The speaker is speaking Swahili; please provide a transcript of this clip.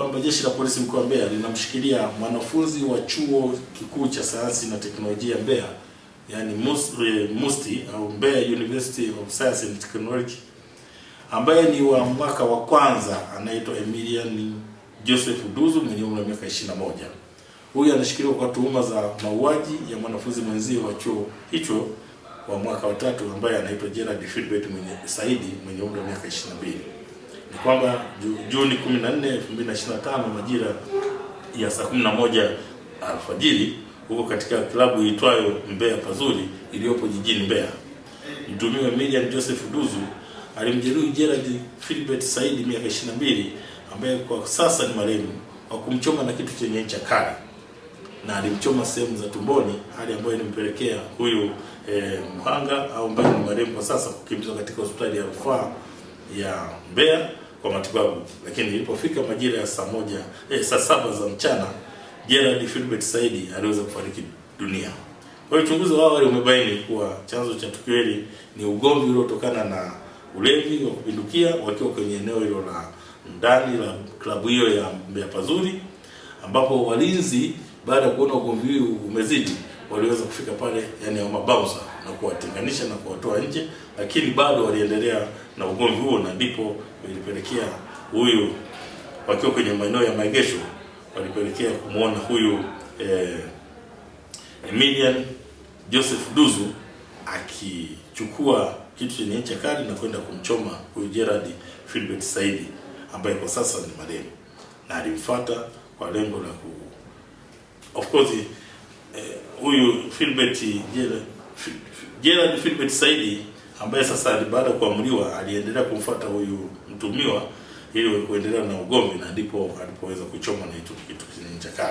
kwamba jeshi la polisi mkoa wa Mbeya linamshikilia mwanafunzi wa chuo kikuu cha sayansi na teknolojia Mbeya, yani eh, MUSTI au Mbeya University of Science and Technology, ambaye ni wa mwaka wa kwanza, anaitwa Emilian Joseph Duzu mwenye umri wa miaka 21. Huyu anashikiliwa kwa tuhuma za mauaji ya mwanafunzi mwenzio wa chuo hicho wa mwaka wa tatu ambaye anaitwa Gerald Philbert mwenye Saidi mwenye umri wa miaka 22 ni kwamba Juni 14, 2025 majira ya saa 11 alfajiri huko katika klabu iitwayo Mbeya Pazuri iliyopo jijini Mbeya, mtumiwa Milian Joseph Duzu alimjeruhi Gerald Philbert Saidi miaka 22 ambaye kwa sasa ni marehemu kwa kumchoma na kitu chenye ncha kali na alimchoma sehemu za tumboni, hali ambayo ilimpelekea huyu eh, mhanga au ambaye ni marehemu kwa sasa kukimbizwa katika hospitali ya rufaa ya Mbeya kwa matibabu, lakini ilipofika majira ya saa moja eh, saa saba za mchana Gerald Philbert Saidi aliweza kufariki dunia. Kwa hiyo uchunguzi wa awali umebaini kuwa chanzo cha tukio hili ni ugomvi uliotokana na ulevi wa kupindukia wakiwa kwenye eneo hilo la ndani la klabu hiyo ya Mbeya Pazuri, ambapo walinzi baada ya kuona ugomvi huu umezidi waliweza kufika pale, yani mabaunsa na kuwatenganisha na kuwatoa nje, lakini bado waliendelea na ugomvi huo, na ndipo ilipelekea huyu, wakiwa kwenye maeneo ya maegesho, walipelekea kumwona huyu eh, Emilian Joseph Duzu akichukua kitu chenye ncha kali na kwenda kumchoma huyu Gerard Philbert Saidi ambaye kwa sasa ni marehemu, na alimfuata kwa lengo la ku of course huyu Philbert Gerald Philbert Saidi ambaye sasa baada ya kuamriwa aliendelea kumfuata huyu mtumiwa ili kuendelea na ugomvi, na ndipo alipoweza kuchoma na kitu kingine